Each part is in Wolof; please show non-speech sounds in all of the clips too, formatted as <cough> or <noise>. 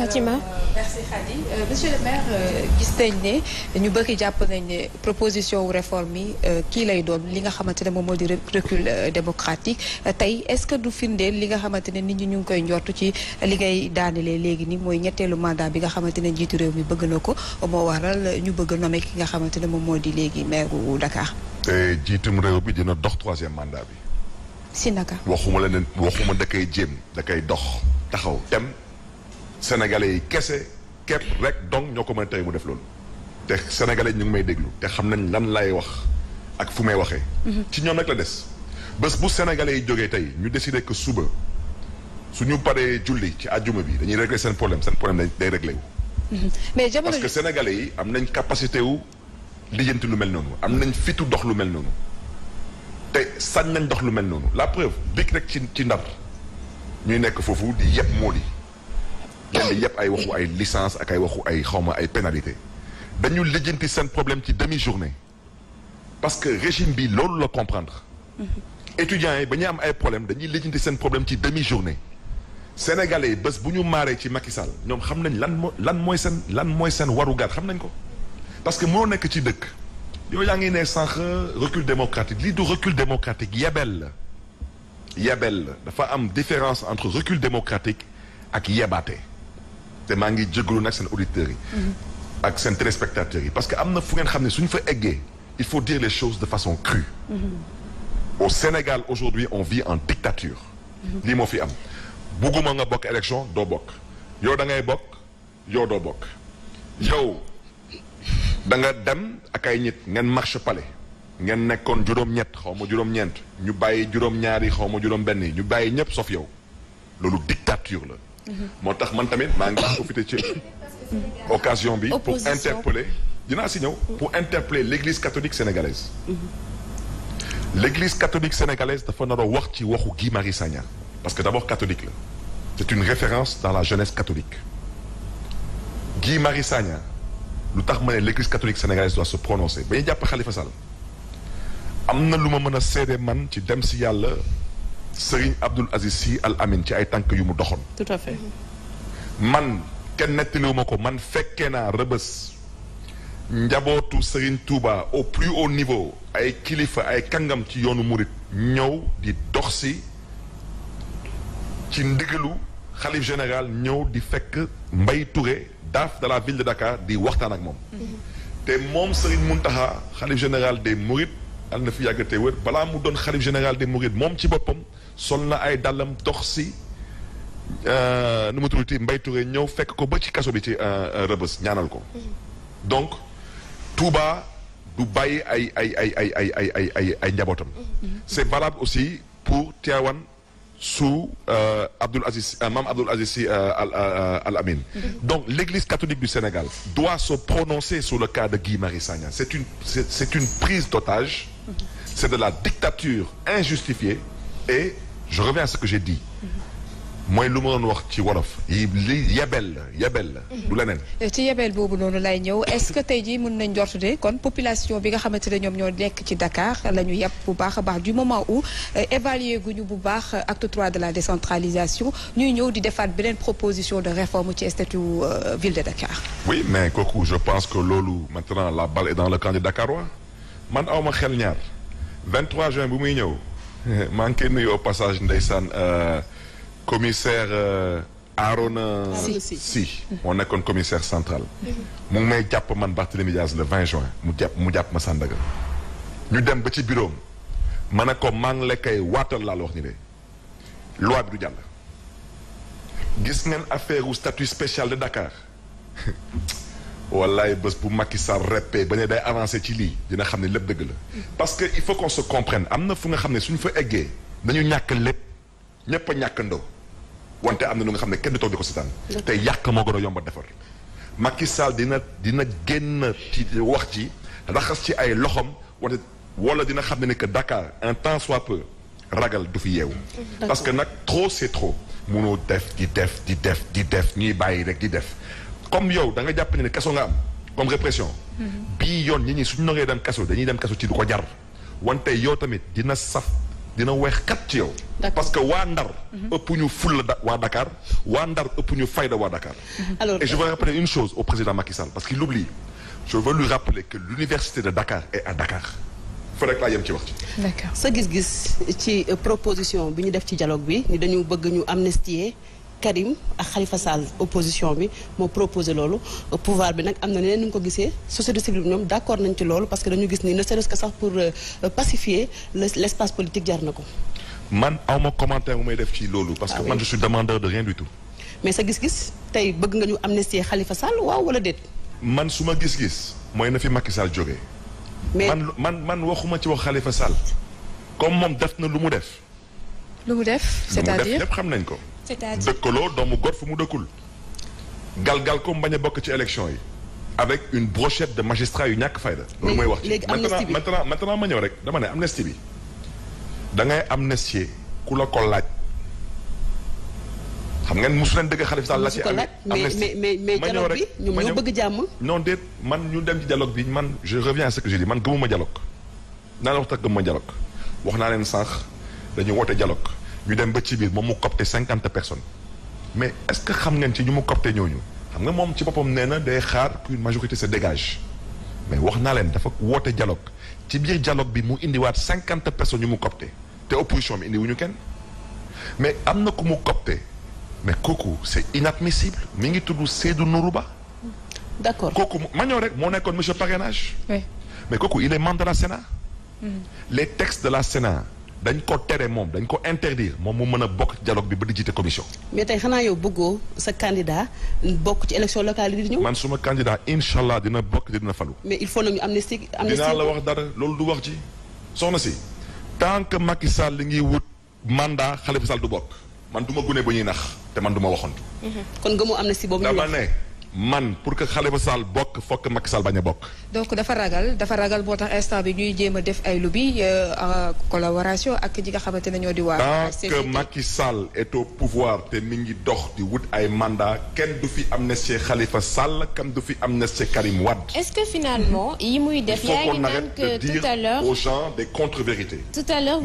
Fatima euh, merci Khady euh, monsieur le maire euh, gis nañ ne ñu bëri jàpp nañ ne proposition wu réforme yi kii lay doon li nga xamante ne moom moo di recul démocratique tey est-ce que du firndeel li nga xamante ne nit ñi ñu ngi koy njortu ci li ngay daanelee léegi nii mooy ñetteelu mandat bi nga xamante ne njiitu réew mi bëgg na ko moo waral ñu bëgg a nommer ki nga xamante ne moom moo di léegi maire wu Dakar. te jiitum réew bi dina dox troisième mandat bi. si naka. waxuma leneen waxuma da koy jéem taxaw sénégalais yi kese képp rek donc ñoo ko mën tey mu def loolu te sénégalais ñu ngi may déglu te xam nañ lan lay wax ak fu may waxee mhm. ci ñoom nag la des bés bu sénégale yi jógee tey ñu décidé que suba suñu paree julli ci àjjuma bi dañuy régler seen problème seen problème day réglé wu mhm. mais parce que sénégalais yi am nañ capacité wu lijjanti lu mel noonu am nañ fitu dox lu mel noonu te sañ nañ dox lu mel noonu la preuve big rek ci ci ndar ñuy nekk foofu di yëpp moo di lenn yëpp ay waxu ay licence ak ay waxu ay xawma ay pénalité dañu lijjanti seen problème ci demi journée parce que régime bi loolu la comprendre mhm. étudiants yi ba ñu am ay problème dañuy lijjanti seen problème ci demi journée sénégalais yi bés bu ñu maaree ci Macky Sall ñoom xam nañ lan moo lan mooy seen lan mooy seen warugar xam nañ ko parce que moo nekk ci dëkk yow yaa ngi ne sànq recul démocratique lii du recul démocratique yebel la yebel la dafa am différence entre recul démocratique ak yebaate maa ngi jégalu nag seen auditeurs yi. Mhm. ak seen téléspectateurs yi parce que am na fu ngeen xam ne suñu fa eggee il faut dire les choses de façon crue. Mhm. au Sénégal aujourd'hui on vit en dictature. Mhm. lii moo fi am bugguma nga bokk élection doo bokk yow da ngay bokk yow doo bokk yow da nga dem akay ay ngeen marche palais ngeen nekkoon juróom-ñett xaw ma juróom-ñeent ñu bàyyi juróom-ñaari xaw ma juróom-benn yi ñu bàyyi ñëpp sof yow loolu dictature la. Mhm. moo tax man tamit maa ngi profité ci mhm. occasion bi pour interpeller dinaa si ñëw pour interpeller l'église catholique sénégalaise mhm. l'église catholique sénégalaise dafa nar a wax ci waxu Guy Marius Sagna parce que d'abord catholique la c'est une référence dans la jeunesse catholique Guy Marius Sagna lu tax ma ne l'église catholique sénégalaise doit se prononcer ba ñu jàpp Khalifa Sall am na lu ma mën a seede man ci dem si yàlla Serigne Abdoul Aziz Sy Al Amin ci ay tànk yu mu doxoon. tout à man kenn nettaliwuma ko man fekkee naa rëbës njabootu Serigne Touba au plus haut niveau ay kilifa ay kàngam ci yoonu murit ñëw di dox si ci ndigalu xalif général ñëw di fekk Mbaye Touré daaf de la ville de Dakar di waxtaan ak moom. Mhm. te moom Serigne Mountakha xalif général des Mourides. al na fi yàggatee te wér balaa mu doon xalif général de Mourides moom ci boppam. sol na ay dallam dox si euh, nu mu tuddati Mbaye Touré ñëw fekk ko ba ci kaso bi ci euh, euh, rëbës ñaanal ko. donc Touba du bàyyi ay ay ay ay ay ay ay ay ay njabootam. c'est valable aussi pour Tivaouane sous Abdoul Aziz Mame Abdoul Aziz Sy Al Amine. donc l'église catholique du Sénégal doit se prononcer sur le cas de Guy Marius Sagna c'est une c'est une prise d'otage c'est de la dictature injustifiée je reviens à ce que j'ai dit mooy lu ma wax ci wolof yi yebel la yebel la mhm. du euh, ci yebel boobu noonu lay ñëw est-ce que tey jii mën nañ njort de kon population bi nga xamante ne ñoom ñoo nekk ci Dakar la ñu yàpp bu baax a baax du moment où euh, évaluer ñu bu baax acte trois de la décentralisation ñuy ñëw di defaat beneen proposition de réforme ci statut euh, ville de Dakar oui mais kooku je pense que loolu maintenant la balle est dans le camp des Dakarois man awma xel muy ñëw <laughs> maa ngi koy nuyu au passage ndeysaan euh, commissaire euh, Arona Sy moo nekkoon commissaire central mu ngi may jàpp man Barthélémy Dias le 20 juin mu jàpp mu jàpp ma Sandaga ñu dem ba ci bureau ma ne ko maa ngi la koy waatal laa la wax ni de loi bi du jàll gis ngeen affaire statut spécial de Dakar <laughs> wallaay bés bu Macky Sall reppee ba ne day avancé ci lii dina xam ne lépp dëgg la parce que il faut qu'on se comprenne am na fu nga xam ne suñu fa eggee nañu ñàkk lépp ñépp a ñàkkandoo wante am na lu nga xam ne kenn du toog di ko seetaan te yàq moo gën a yomb a defar Macky Sall dina dina génn ci wax ci raxas ci ay loxoom wante wala dina xam ne ne que Dakar un temps soit peu ragal du fi yeewu parce que nag trop c'est trop munoo def di def di def di def ñuy bàyyi rek di def comme yow da nga jàpp ne kaso nga am comme répression. Mhm. bii yoon ñi ñi suñu naree dem kaso dañuy dem kaso ci du ko jar wante yow tamit dina saf dina weex kat ci yow. parce que waa Ndar. Mhm. ëpp ñu fulla da waa Dakar waa Ndar ëpp ñu fayda waa Dakar. Mhm. alors et je veux rappeler une chose au président Macky parce qu'il l'oublie je veux lui rappeler que l'université de Dakar est à Dakar. fa rek laa yem ci wax ci. d'accord sa gis-gis ci proposition bi ñu def ci dialogue bi ni dañu bëgg ñu amnistier. Karim ak Khalifa Sall opposition bi moo proposé loolu pouvoir bi nag am na nu ñu ko gisee société civile bi ñoom d' accord nañ ci loolu parce que dañu gis ni ne serait-ce que sax pour euh, pacifier l' espace jar na ko. man awma commentaire bu may def ci loolu. parce que ah man je suis demandeur de rien mais sa gis-gis tey bëgg nga ñu amnistie xalifa Sall waaw wala déet. man su ma gis-gis mooy na fi Macky Sall jógee. mais man man man waxuma ci wax xalifa Sall. comme moom def na lu mu def. lu def cest à xam nañ ko. cest dëkkaloo doomu góor fu mu dëkkul. gal ko bañ bokk ci élection yi. avec une brochette de magistrats yu ñàkk fay fayda. loolu mooy wax ci maintenant maintenant maintenant ma ñëw rek dama ne amnistie bi. da ngay amnistier ku la ko laaj. xam ngeen mosu leen dëgg Khalifa Sall la ci amnistie mais mais mais dialogue bi ñoom ñoo bëgg jàmm. non déet man ñu dem ci dialogue bi man je reviens à man gëmuma dialogue. naa la wax tax gëmuma dialogue. wax naa leen sànq dañu woote dialogue. ñu dem ba ci biir moom mu copté cinquante personne mais est-ce que xam ngeen ci ñu mu copté ñooñu xam nga moom ci boppam nee na day xaar qu'une majorité sa dégage mais wax naa leen dafa woote dialogue ci biir dialogue bi mu indiwaat cinquante personnes ñu mu copté te opposition bi indi wuñu kenn mais am na ku mu copté mais kooku c'est inadmissible mi ngi tudd Seydou nuru Ba d'accord kooku ma ñëw rek moo nekkoon monsieur parrainage mais kooku il est membre de la Sénat mm-hmm. les textes de la Sénat dañ ko tere moom dañ ko interdire moom mu mën a bokk dialogue bi ba di jiite commission. mais tey xanaa yow bëggoo sa candidat bokk ci élection locale yi di ñëw. man suma candidat incha allah dina bokk dina falu. mais il faut nañu amnistie amnistie dinaa la wax dara loolu du wax ci si tant que Macky Sall li ngi wut mandat Khalifa Sall du bokk man du ma gune ba ñuy nax te man du ma waxoon. kon gëmoo amnistie boobu ñu dama ne. man pour que Khalifa Sall bokk fokk Macky Sall bañ a bokk. donc dafa ragal dafa ragal boo tax instant bi ñuy jéem a def ay lobby euh, en collaboration ak ñi nga xamante ne ñoo di. waa tant que Macky Sall est au pouvoir te mi ngi dox di wut ay mandat kenn du fi amnistie Khalifa Sall kenn du fi amnistie Karim Wade. est-ce que finalement yi muy def. yaa ngi naan que tout à l'heure aux gens des contre-vérités. tout à l'heure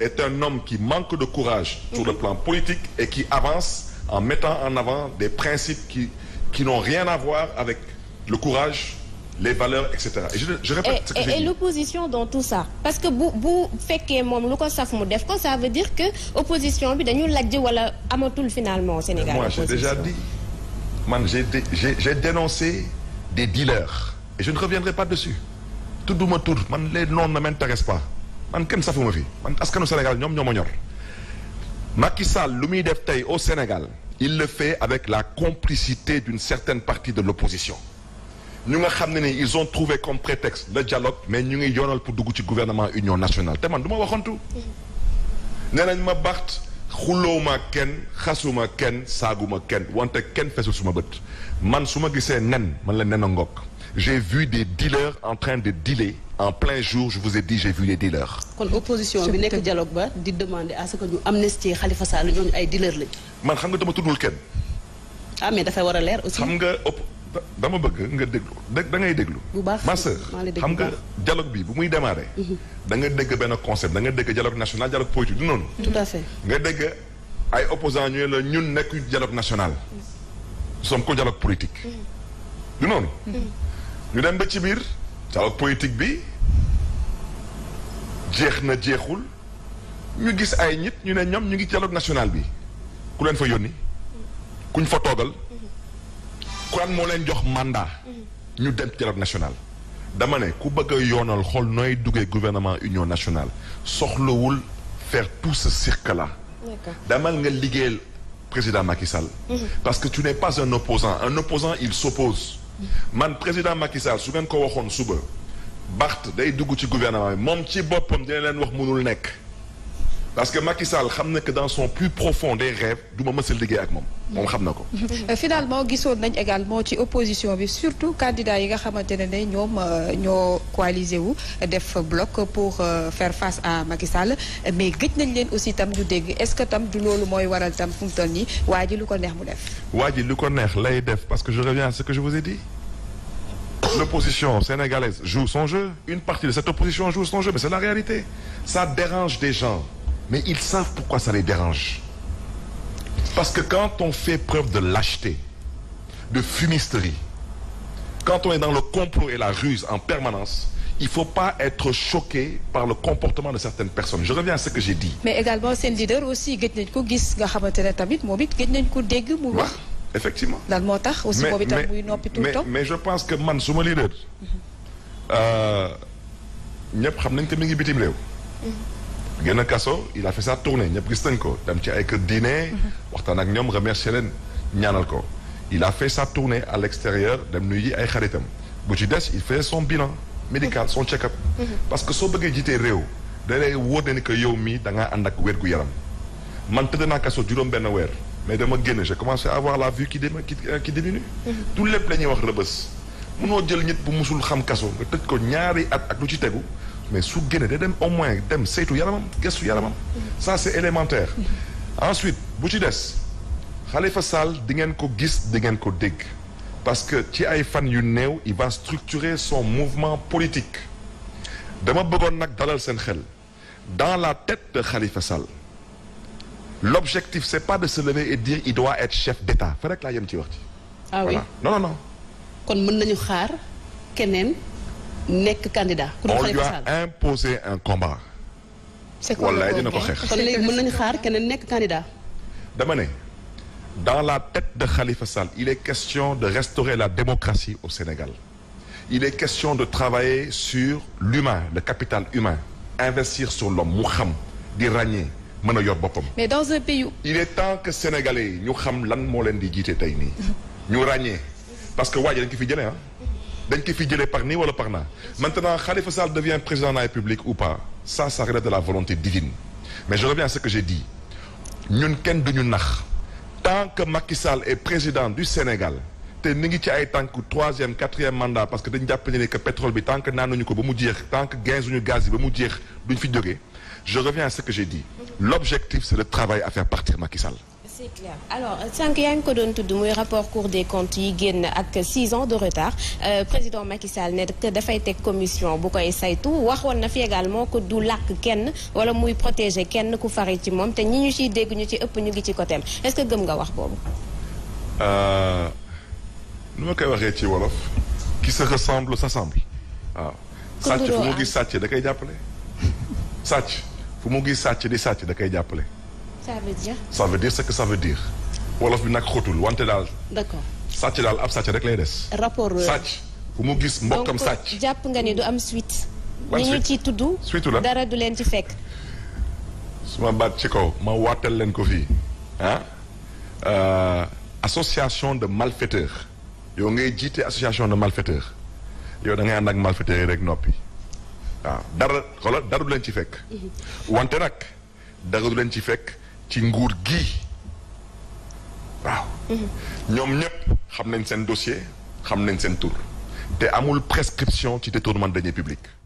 est un homme qui manque de courage. sur le plan politique et qui avance. en mettant en avant des principes qui, qui n'ont rien à voir avec le courage, les valeurs, etc. Et je, je répète et, l'opposition dans tout ça. Parce que bu bu fekkee moom lu ko saf mu def ko ça veut dire que opposition bi dañu lajj wala amatul finalement au Sénégal. Moi, j'ai déjà dit, man j'ai dé, j'ai dénoncé des dealers. Et je ne reviendrai pas dessus. tudduma tur man les noms ne m'intéressent pas man kenn safuma fi man askanu Sénégal ñoom ñoo ma ñor Macky lu muy def tey au Sénégal. il le fait avec la complicité d'une certaine partie de l'opposition ñu nga xam ne ni ils ont trouvé comme prétexte le dialogue mais ñu ngi yoonal pour dugg ci gouvernement union nationale te man du ma waxantu nee nañ ma Barth xulloowuma kenn xasuma kenn saaguma kenn wante kenn fesul suma bët man suma ma gisee nen man la nen a ngokk j'ai vu des dealers en train de dealer en plein jour je vous ai kon opposition bi nekk dialogue ba di demander à ce que ñu amnistie Khalifa Sall ay dealers lañu. man xam nga dama tuddul kenn. ah dafay war a leer xam nga dama bëgg nga déglu da ngay déglu. bu baax ma sœur xam nga dialogue bi bu muy démarrer. Mhm. da nga dégg benn concept da nga dégg dialogue national dialogue politique du noonu. tout à fait nga dégg ay opposants ñu la ñun nekk dialogue national. nous sommes ko dialogue politique. Mhm. du dialogue politique bi jeex na jeexul ñu gis ay nit ñu ne ñoom ñu ngi dialogue national bi ku leen fa yónni kuñ fa toogal kuran moo leen jox mandat mm-hmm. ñu dem dialogue national dama ne ku bëgg yoonal xool nooy duggee gouvernement union national soxlawul faire tout ce cirque là damal nga liggéeyal président Macky Sall mm-hmm. parce que tu n'es pas un opposant un opposant il s'oppose man président Macky Sall su ngeen ko waxoon suba Barth day dugg ci gouvernement bi moom ci boppam dina leen wax mënul nekk parce que Macky Sall xam na que dans son plus profond des rêves du ma mësal liggéey ak moom moom xam na ko. Euh, finalement gisoon nañ également ci opposition bi surtout candidat yi nga xamante ne ne ñoom euh, ñoo coalisé wu def bloc pour euh, faire face à Macky Sall mais gëj nañ leen aussi tam ñu dégg est-ce que tam du loolu mooy waral tam fu mu toll nii waa ji lu ko neex mu def. lay def parce que je reviens à ce que je vous ai dit. L'opposition sénégalaise joue son une partie de cette opposition son jeu mais c'est des gens. mais ils savent pourquoi ça les dérange. Parce que quand on fait preuve de lâcheté, de fumisterie, quand on est dans le complot et la ruse en permanence, il ne faut pas être choqué par le comportement de certaines personnes. Je reviens à ce que j'ai dit. Mais également, seen leader aussi gëj nañ ko gis nga xamante ne tamit moom it gëj nañ ko dégg mu wax. effectivement. daal moo tax aussi moom itam muy noppi tout le temps. mais je pense que man suma leader. Mhm. Euh, ñëpp xam nañ que mi ngi bitim réew. Mhm. gën kaso il a fait sa tournée ñëpp gis nañ ko dem ci ay kër diine. waxtaan ak ñoom remercier leen ñaanal ko. il a fait sa tournée à l'extérieur dem nuy nuyu ay xaritam bu ci des il fait son bilan médical son check-up. parce que soo bëggee jiitee réew da lay wóor ne ni yow mii da ngaa ànd ak wér gu yaram. man tëdd naa kaso juróom benn weer mais dama génn j'ai commencé à avoir la vue qui dé euh, qui diminue. tout lépp la ñuy wax rëbës. mënoo jël ñit bu mosul xam kaso nga tëj ko ñaari at ak lu ci tegu. mais su génne day dem au moins dem saytu yaramam gestu yaramam ça c'est élémentaire ensuite bu ci des Khalifa Sall di ngeen ko gis di ngeen ko dégg parce que ci ay fan yu néew il va structurer son mouvement politique dama bëggoon nag dalal seen xel dans la tête de Khalifa Sall l'objectif c'est pas de se lever et dire il doit être chef d'État fa rek laa yem ci wax ci ah non non non kon mën nañu xaar keneen nekk candidat. ku dul Khalifa Sall on lui a imposé un combat. c'est quoi wallaay nañu xaar keneen nekk candidat. dama ne dans la tête de Khalifa Sall il est question de restaurer la démocratie au Sénégal. il est question de travailler sur l'humain le capital humain investir sur l'homme mu xam di ràññee mën a yor boppam. mais dans un il est temps que sénégalais yi ñu xam lan moo leen di jiite tey nii. ñu ràññee parce que waa ji dañ ko fi jëlee ah. dañ ko fi jëlee par nii wala par naa maintenant Khalifa Sall devient président de la République ou pas ça ça de la volonté divine mais je reviens à ce que j'ai dit ñun kenn duñu nax tant que Macky Sall est président du Sénégal te ni ngi ci ay tànk troisième quatrième mandat parce que dañ jàpp ne que pétrole bi tant que naanuñu ko ba mu jeex tant que gaizuñu gaz yi ba mu jeex duñ fi jógee je reviens à ce que j'ai dit l'objectif c'est de travailler à faire partir Macky c'est clair sànq yaa ngi ko doon tudd muy rapport Cour des comptes yi génn ak 6 ans de retard euh, président Macky Sall ne que dafay teg commission bu koy saytu waxoon na fi également ko du làkk kenn wala muy protéger kenn ku fari ci moom te ñi ñu ciy dégg ñu ci ëpp ñu ngi ci côté am est-ce que gëm nga wax boobu. Euh, nu ma koy waxee ci wolof. qui se ressemble s'assemble. waaw sàcc fu mu gis sàcc da koy jàppale. sàcc fu mu gis sàcc di sàcc da koy jàppale. ça veut dire. ça veut wolof bi nag xóotul wante daal. d'accord sàcc daal ab sàcc rek lay des. rapport euh, sàcc fu mu gis mbokkam sàcc. donc jàpp nga ne du am suite. ban ñu ciy la dara du leen ci fekk. su ma baat ci kaw ma waatal leen ko fii ah. Euh, association de malfaiteurs. yow ngay jiite association de malfaiteurs. yow da ngay ànd ak malfaiteurs yi rek noppi. waaw dara xoolal dara du leen ci fekk. Mhm. wante nag dara du leen ci fekk. ci nguur gi waaw. Mhm. ñoom ñëpp xam nañ seen dossier xam nañ seen tur te amul prescription ci détournement de deniers publics.